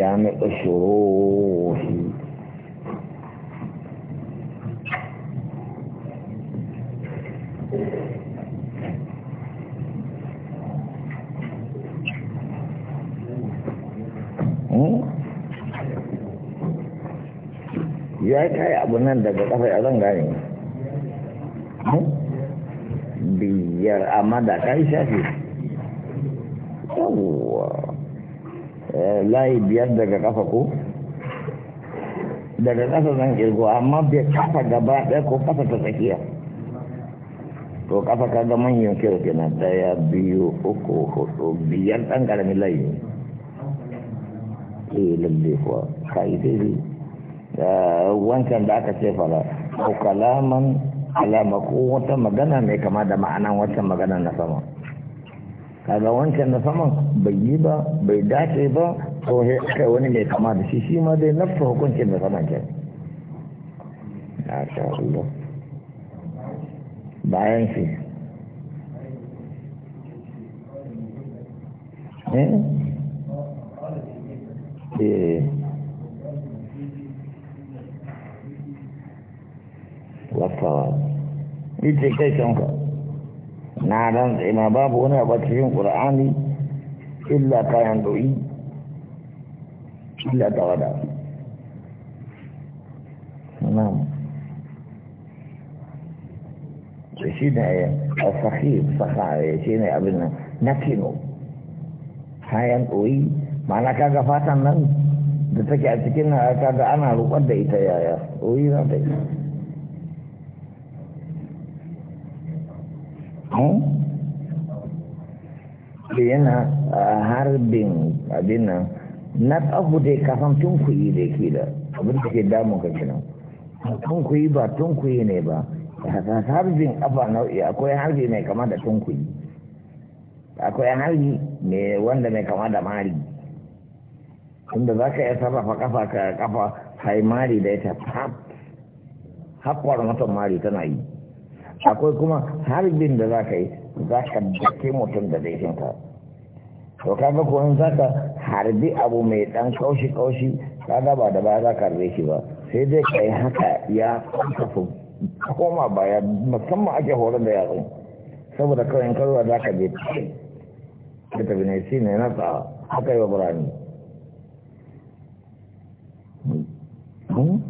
جامع الشروح hmm? ya kai abu nan daga kafa ya zan gane hmm? biyar amma da kai shafi yawwa Eh, layi biyar daga kafa ko daga kasa zan kirgo amma bai kafa gaba ɗaya ko kafa ta tsakiya to kafa ka ga manyan kyau kenan ɗaya biyu uku hudu biyar ɗan ƙarami layi eh lalle kuwa kai dai eh, wancan da aka ce fara ko kalaman alama ko wata magana mai kama da ma'anan wata magana na sama kaga wancan na sama bai yi ba bai dace ba to sai aka wani mai kama da shi shi ma dai nafsa hukuncin na saman ke bayan shi eh wasawa eh. ita kai kanka na rantse ma babu wani abu cikin ƙur'ani illa kayan doyi illa tawada na'am shi ne a sahih sahaya shi ne abin nan na kino kayan doyi ma'ana kaga fatan nan da take a cikin kaga ana roƙon da ita yaya doyi na da ita da yana harbin abin nan na tsabu dai kafan tunkuyi da ke da abin da ke damun ka kenan tunkuyi ba tunkuyi ne ba harbin kafa nau'i akwai harbi mai kama da tunkuyi akwai harbi mai wanda mai kama da mari tunda za ka iya sarrafa kafa ka kafa haimari da ita hap hakwar mutum mari tana yi akwai kuma harbin da za ka yi za ka dake mutum da laifinka to kaga ko in za harbi abu mai dan kaushi kaushi kaga ba da baya za ka harbe shi ba sai dai ka yi haka ya kafa koma baya musamman ake horar da yatsu saboda kawai in karuwa za ka je da tafi ne shi ne na tsawa haka yi wa burani hmm? hmm?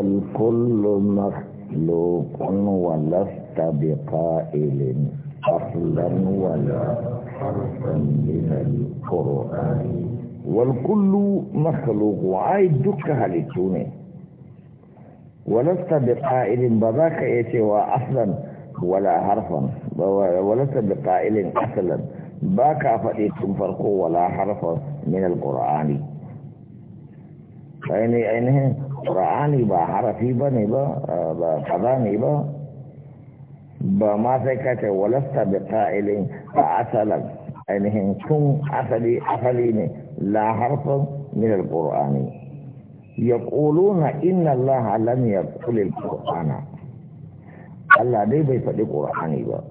والكل مخلوق ولست بقائل أصلا ولا حرفا من القرآن والكل مخلوق عايد دك هلتوني ولست بقائل بذاك يتوى أصلا ولا حرفا ولست بقائل أصلا باكا فأيتم فرقوا ولا حرفا من القرآن أين أينه ƙura'ani ba harafi ba ne ba ba kaza ne ba ba ma sai kace walasta bi ta'ilin ba asalan ainihin tun asali asali ne la harfan min ƙulu na inna allaha lam ƙulil alqur'ana Allah dai bai faɗi ƙur'ani ba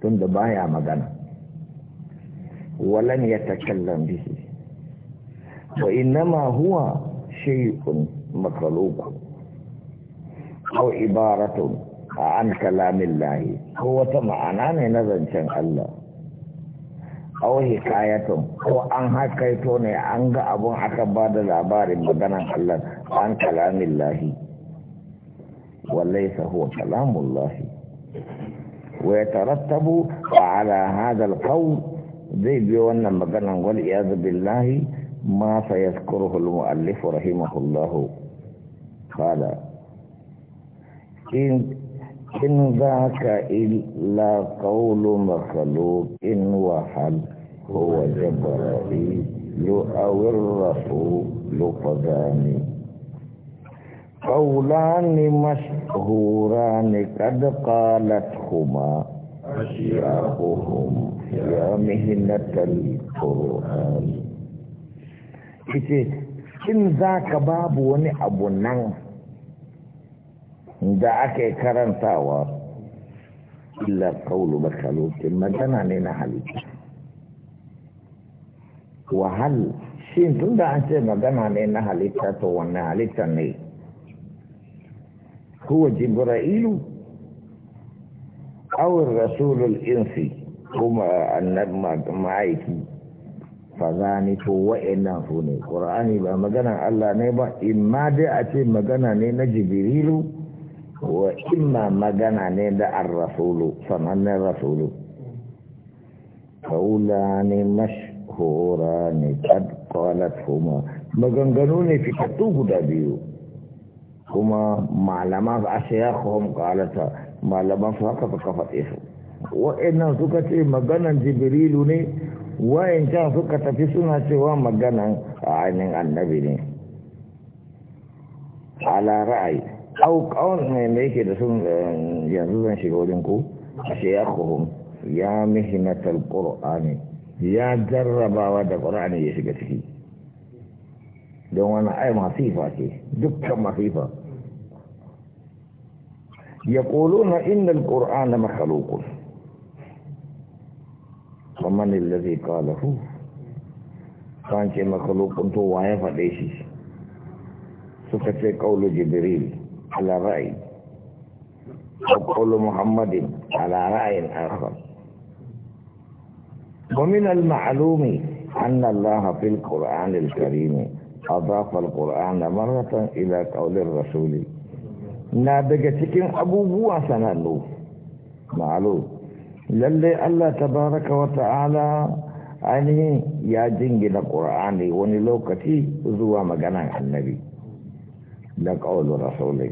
tunda baya magana walam yatakallam bihi wa innama huwa shay'un مخلوق أو عبارة عن كلام الله هو تمعنا نظر شان الله أو حكاية هو أن حكايتوني أن أبو بعد العبار مدنا الله عن كلام الله وليس هو كلام الله ويترتب على هذا القول زي بيوانا مدنا والعياذ بالله ما سيذكره المؤلف رحمه الله قال إن إن ذاك إلا قول مخلوق إن وحل هو جبرائيل أو الرسول فداني قولان مشهوران قد قالتهما أشياءهم يا مهنة القرآن in za ka babu wani abu nan da ake karantawa illa kaulu makalokin magana ne na halitta wahal shi tun da an ce magana ne na halitta to wannan halitta ne kuwa jibra'ilu awon rasulul insi kuma annabi ma'aiki fazani to wa'annan su ne ƙur'ani ba maganan Allah ne ba imma dai a ce magana ne na jibrilu wa imma magana ne da ar-rasulu sanannen rasulu qawla ne mashhura ne kad qalat huma maganganu ne fitattu guda biyu kuma malama a shayakhum qalata malaman su haka suka faɗe su wa'annan suka ce maganan jibrilu ne wayancan suka tafi suna cewa maganan a ainihin annabi ne ala ra'ayi au kawon ne da yake da sun eh, yanzu zan shiga wurin ku a shayakuhum ya mihinatar ƙur'ani ya jarrabawa da ƙur'ani ya shiga ciki don wani ai masifa ce dukkan masifa ya ƙolo na inda ƙur'ani makalokun ومن الذي قاله كان كي مخلوق انتو وايا فديشي سكت قول جبريل على رأي وقول محمد على رأي آخر ومن المعلوم أن الله في القرآن الكريم أضاف القرآن مرة إلى قول الرسول نادقتك أبو بوا سنالو معلوم lallai Allah ta baraka wa ta'ala ainihin ya jingina ƙur'ani wani lokaci zuwa maganan annabi da ƙaunar rasulai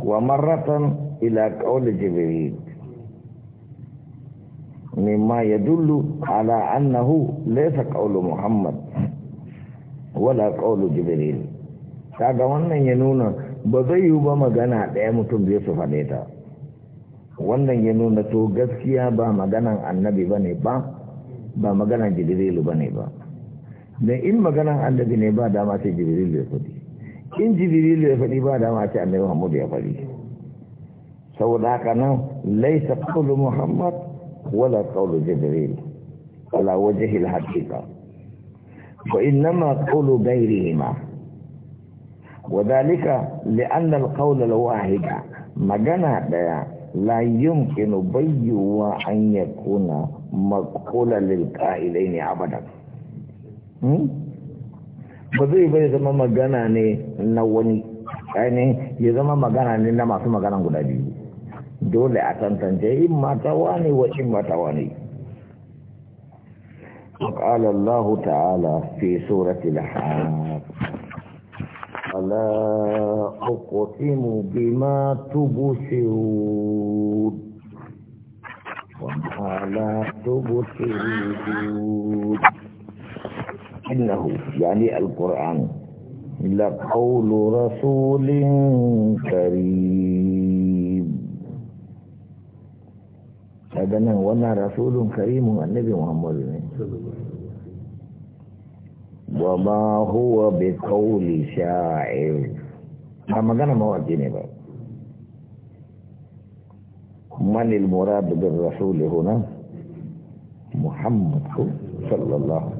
wa marratan ila ƙaunar jibril dullu ala annahu أنه ليس Muhammad wala ولا قول Ta ga wannan ya nuna ba zai yi ba magana ɗaya mutum biyu su faɗe ta wannan ya nuna to gaskiya ba maganan annabi ba ne ba ba maganan jibrilu ba ne ba don in maganan annabi ne ba dama ce jibrilu ya faɗi in jibrilu ya faɗi ba dama ce annabi muhammadu ya faɗi saboda haka nan laisa qawlu muhammad wala qawlu jibril ala wajhi al-haqiqa wa ma. qawlu dalika وذلك لأن ƙaunar الواحد magana ɗaya. la yumkinu bayyuwa an yakuna maqula lil qa'ilaini abadan ba zai bai zama magana ne na wani ainihin ya zama magana ne na masu magana guda biyu dole a tantance in matawa ne wa in matawa ne قال الله تعالى في سورة الحاق ألا أقسم بما تبصرون وما لا تبصرون إنه يعني القرآن لقول رسول كريم هذا وما رسول كريم النبي محمد وما هو بقول شاعر ما مغنى مواجهني بقى من المراد بالرسول هنا محمد صلى الله عليه وسلم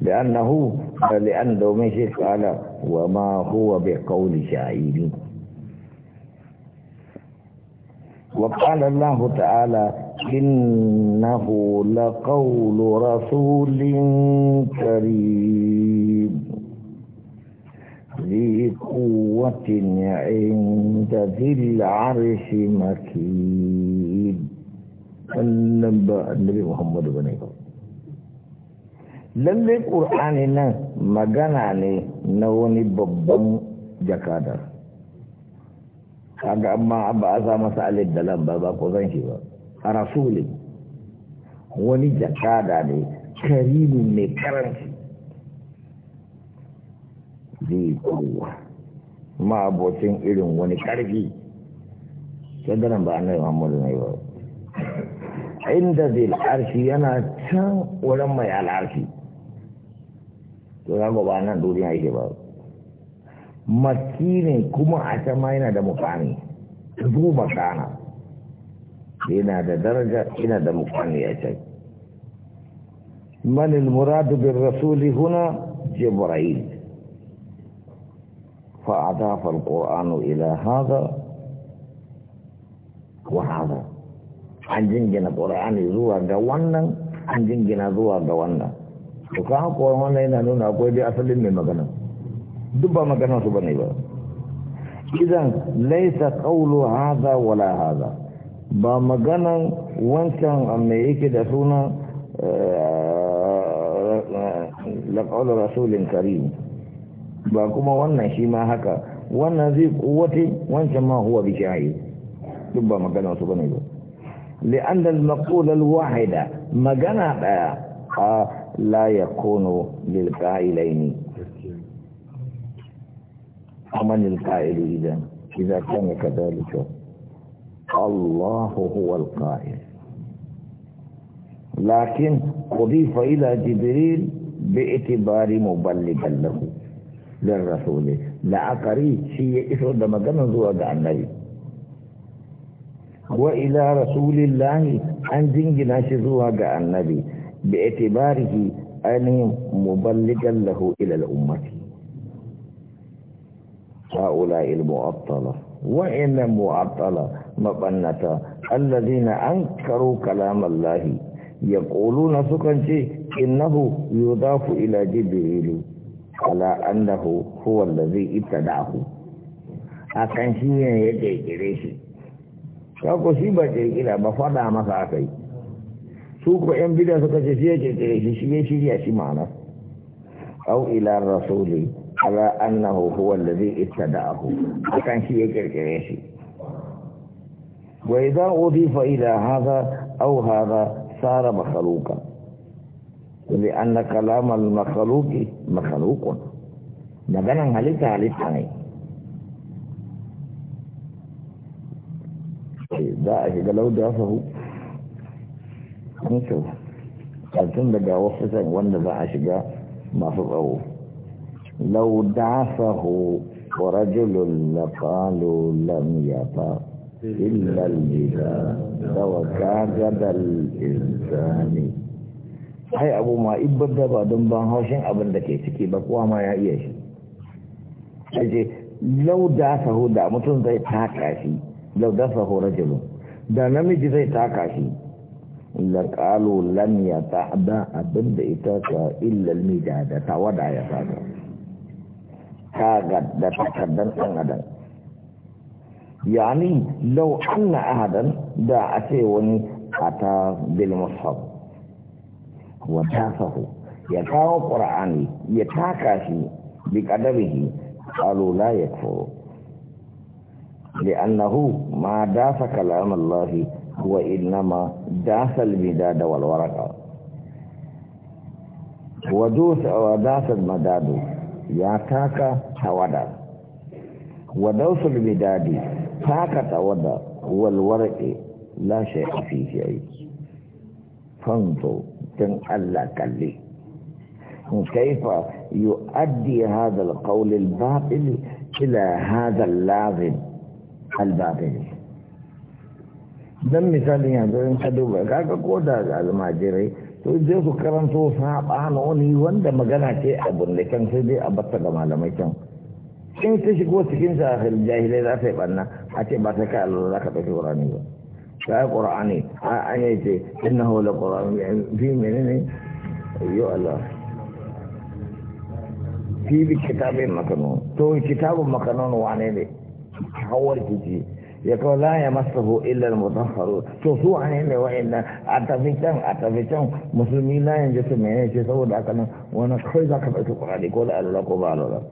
لأنه لأن دوميشي قال وما هو بقول شاعر وقال الله تعالى إنه لقول رسول كريم ذي قوة عند ذي العرش مكين النبى النبي محمد بن lallai ƙur'ani nan magana ne na wani babban jakadar kaga amma ba a sa masa alif da lamba ba ko zan shi ba a rasuli wani jakada ne karimin mai karanci zi kowa ma abocin irin wani ƙarfi sadaran ba annai muhammadu ne ba inda zai al'arshi yana can wurin mai al'arfi to za ba nan duniya yake ba maskinin kuma a can ma yana da mukami duba makana yana da daraja yana da mukami a can man al-muradu bin rasuli huna jibril فأضاف القرآن إلى هذا وهذا an jingina ƙura'ani zuwa ga wannan an jingina zuwa ga wannan to ka haƙuwa wannan yana nuna akwai dai asalin mai magana duk ba magana su bane ba idan laisa qawlu hadha wala hadha ba maganan wancan me yake da suna la qawlu rasulin karim ba kuma wannan shi ma haka wannan zai kuwate wancan ma huwa bishayi duk ba magana wasu bane ba li'anna al-maqul al-wahida magana daya la yakunu lil qa'ilaini aman lil qa'ili idan idza ka kadhalika Allah huwa al-qa'il lakin udifa ila jibril mu muballighan lahu dan rasuli la'akari shi ya iso da magana zuwa ga annabi wa ila rasulillahi an jingina shi zuwa ga annabi bi itibarihi ainihin muballigan lahu ila al'ummati ha'ula al-mu'attala wa inna mu'attala mabannata alladhina ankaru na yaquluna sukan ce innahu yudafu ila jibrilu ala annahu huwa allazi ibtada'ahu akan shi ne ya kirkire shi ko shi ba kirkira ba fada masa akai su ko yan bidan suka ce shi ya kirkire shi shi ne ya shi ma'ana au ila rasuli ala annahu huwa allazi ibtada'ahu akan shi ya kirkire shi wa idza udifa ila hadha aw hadha sara makhluqan لأن كلام المخلوق مخلوق مدانا هلتا هلتا ني ذا أشي لو دافه نشوف قلتم لقى وفتا وانا ذا أشي ما فضعوه لو دعفه ورجل لقالوا لم يطا إلا لو وكاجد الإنسان ai abu ma ibbar da ba don ban haushin abin da ke ciki ba kuwa ma ya iya shi aje lau da sahu da mutum zai taka shi lau da rajulun da namiji zai taka shi laƙalo lam ya ta'ada abin da ita ta illal mida da tawada ya saka kaga da takardar ɗan adam yani lau anna ahadan da a ce wani ata bil mushaf wa tasahu ya kawo qur'ani ya taka shi bi qadarihi qalu la yakfuru li'annahu ma dafa kalam Allah huwa innama dafa al-bidad wal waraqa wa dasa al-madad ya taka tawada wa dasa al-bidad taka tawada wal waraqi la shay'a fihi ayi fanzo don Allah kalli كيف يؤدي هذا القول الباطل إلى هذا اللازم الباطل dan misali yanzu in ka duba kaga ko da almajirai to je su karanto saɓanoni oh, wanda magana ce a bundakan sai dai a batta ga malamai can in ta shigo cikin jahilai za ta yi ɓanna a ce ba ta kai Allah za ka ɗauki ƙurani ba ka yi ƙurani an yi ce inna hula ƙorami fi mene ne yau Allah fi bi kitabin makano to kitabin makano wane ne hawar kiji ya kawo la ya masa ho illar mutahharu to su wane ne wa'annan a tafi can a tafi can musulmi la yanzu su mene ce saboda haka nan wani kawai za ka ɗauki ƙorani ko da ko ba alula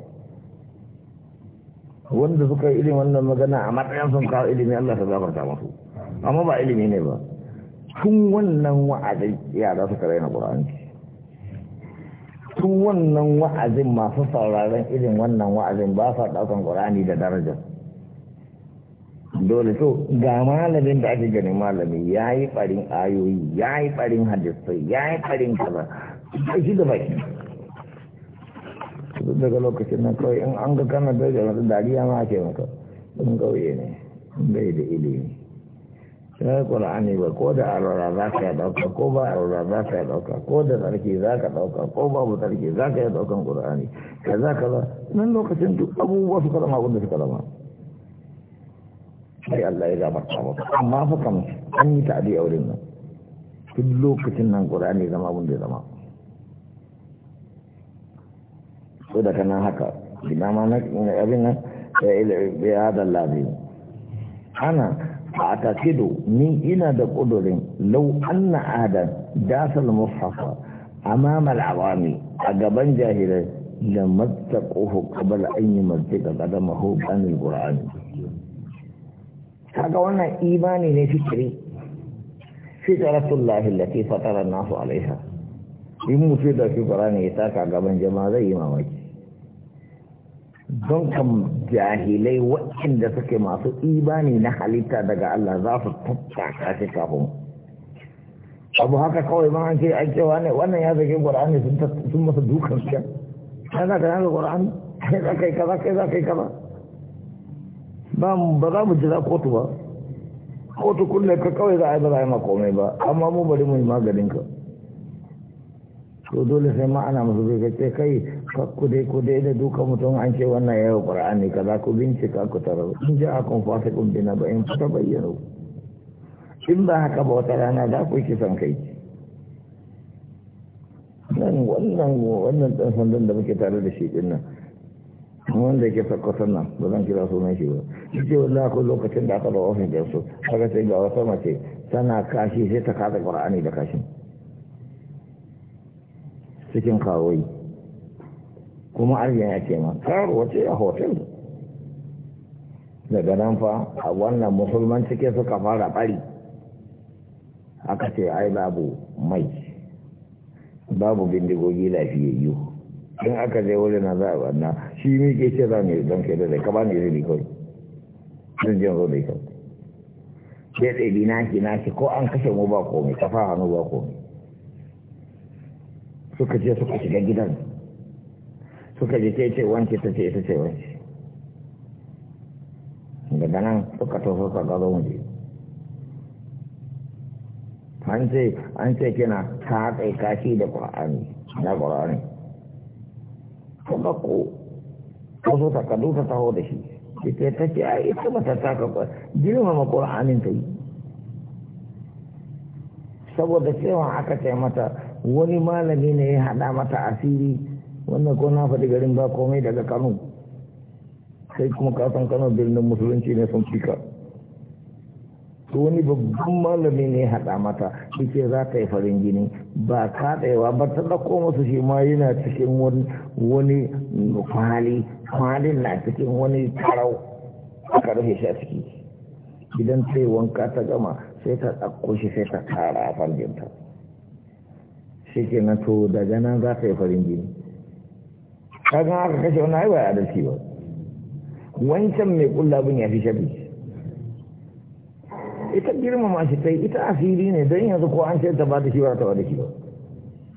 wanda suka yi irin wannan magana a matsayin sun kawo ilimi Allah ta zabarta musu amma ba ilimi ne ba tun wannan wa'azin yara suka raina ƙur'ani tun wannan wa'azin masu sauraron irin wannan wa'azin ba sa ɗaukan ƙur'ani da darajar dole so ga malamin da ake ganin malami ya yi ɓarin ayoyi ya yi ɓarin hadisai ya yi ɓarin kaza ba shi da baki daga lokacin nan kawai in an ga kana daga masu dariya ma ake maka ɗin kauye ne bai da ilimi sai ƙulani ba ko da arwara za ka yi ɗauka ko ba arwara za ka yi ɗauka ko da tsarki za ka ɗauka ko ba mu tsarki za ka yi ɗaukan ƙulani ka za ka za nan lokacin duk abubuwa su kalama abinda su kalama sai Allah ya zama ta maka amma fa kam an yi ta'adi a wurin nan duk lokacin nan ƙulani zama abinda ya zama so da kanan haka gina ma na abin nan ya hada labi ana a takido ni ina da ƙudurin lau anna adam dasal mushafa amamal awami a gaban jahilai da mattaƙohu kabal an yi mattaƙa ƙadamahu ƙanin ƙura'ani kaga wannan imani ne fikiri fitratullahi lati fatara nasu alaiha in mutu da shi ƙura'ani ya taka gaban jama'a zai yi mamaki don kam jahilai waɗanda suke masu ibani na halitta daga Allah za su tattaka shi kafin abu haka kawai ma an ce a cewa ne wannan ya zage qur'ani sun sun masa dukan shi kai ka qur'ani kai za ka yi kaza kai za ka yi kaza ba ba za mu jira kotu ba kotu kullum ka kawai za a yi ba za a yi ma komai ba amma mu bari mu yi maganin ka to dole sai ma'ana masu musu zai ce kai kudai dai da duka mutum an ce wannan yau ka za ku bincika ku tarau in ji fasa fasikun bina ba in fata bayyano in ba haka ba wata rana za ku ki san kai nan wannan wannan ɗan sandan da muke tare da shi ɗin nan wanda yake sakkwasan nan ba zan kira sunan shi ba shi wallahi ko lokacin da aka da ofin da su kaga sai ga wata mace tana kashi sai ta kada qur'ani da kashin cikin kawai kuma arzikin ya ce ma karuwa ce a hotel daga nan fa a wannan musulman cike suka fara bari aka ce ai babu mai babu bindigogi lafiyayyu in aka je wuri na za a banna shi mi ke ce za mu don ke da ka ba ni zai kawai zan jin zo da ita ke ɗabi naki naki ko an kashe mu ba komai ka fa hannu ba komai suka je suka shiga gidan suka je ta ce wance ta ce ita ce wance daga nan suka taso ka gado wunde an ce an ce kina ta haɗe kashi da ƙwa'ani na ƙwa'ani suka ko ko so ta taho da shi ita ta ce a ita ba ta taka ba girmama ƙwa'anin ta yi saboda cewa aka ce mata wani malami ne ya haɗa mata asiri wannan ko na faɗi garin ba komai daga kano sai kuma kasan kano birnin musulunci ne sun fika to wani babban malami ne ya haɗa mata shi ce za ta yi farin jini ba kaɗaiwa ba ta ɗauko masu shi ma yana cikin wani wani kwali na cikin wani tarau a karfe shi a ciki idan ta yi wanka ta gama sai ta ɗauko shi sai ta tara a fanjinta shi ke na to daga nan za ka yi farin jini kagan aka kashe wani haiwa ya adalci ba wancan mai kulla bin ya fi shabi ita girmama shi ta ita asiri ne don yanzu ko an ce ta ba da shi ba ta ba da shi ba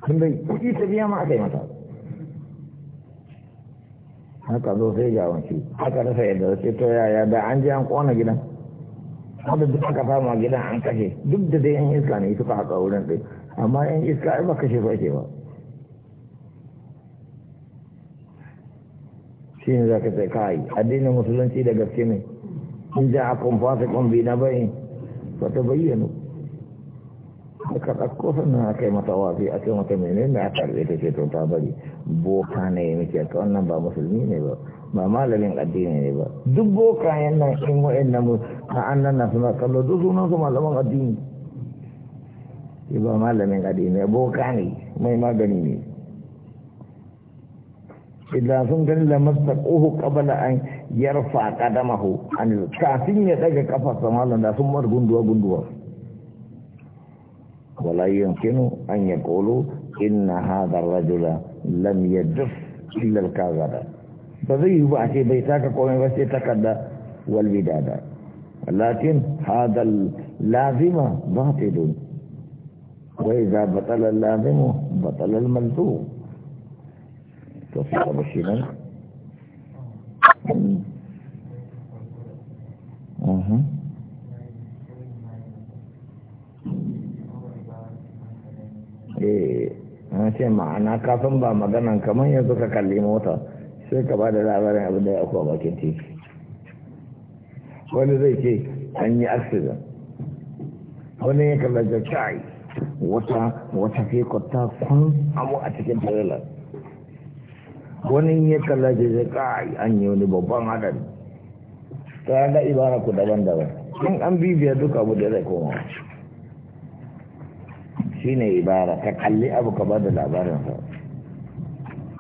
tun bai kuɗi ta biya ma aka yi mata haka zo sai ga wanki haka rasa yadda sai to yaya da an je an kona gidan wanda duk aka fama gidan an kashe duk da dai yan iska ne suka haka wurin ɗaya amma yan iska ba ka shi ake ba shi ne za ka sai kai addinin musulunci da gaske ne in ja a fasa kumbi na bai ba ta bayyano ka ɗauko sannan a kai mata wafi a kai mata menene da aka karbe ta ce to ta bari boka ne ya muke ka wannan ba musulmi ne ba ba malamin addini ne ba duk boka yan in wa'in na mu ta'an na suna kallo duk sunan su malaman addini shi ba malamin adi ne boka ne mai magani ne idan sun gani da mastaƙohu ƙabala an yarfa ƙadamahu an kafin ya ɗaga ƙafarsa malam da sun mar gunduwa gunduwa wala yankinu an ya ƙolo inna hadar rajula lam yaduf illa al ba zai yi ba a ce bai taka komai ba sai takarda wal bidada lakin hadal lazima batilun وإذا بطل اللازم بطل الملزوم توفيق بشيرا أها eh ce ma'ana kafin ba maganan kamar yanzu ka kalli mota sai ka ba da labarin abin da ya kuwa bakin titi wani zai ce an yi accident wani ya kalli da kai wata wata ta kun abu a cikin trailer wani ya kalla ce zai kai an yi wani babban hadari ta yada ibara ku daban-daban in an bibiya duka abu da zai koma ne ibara ka kalli abu ka ba da labarinsa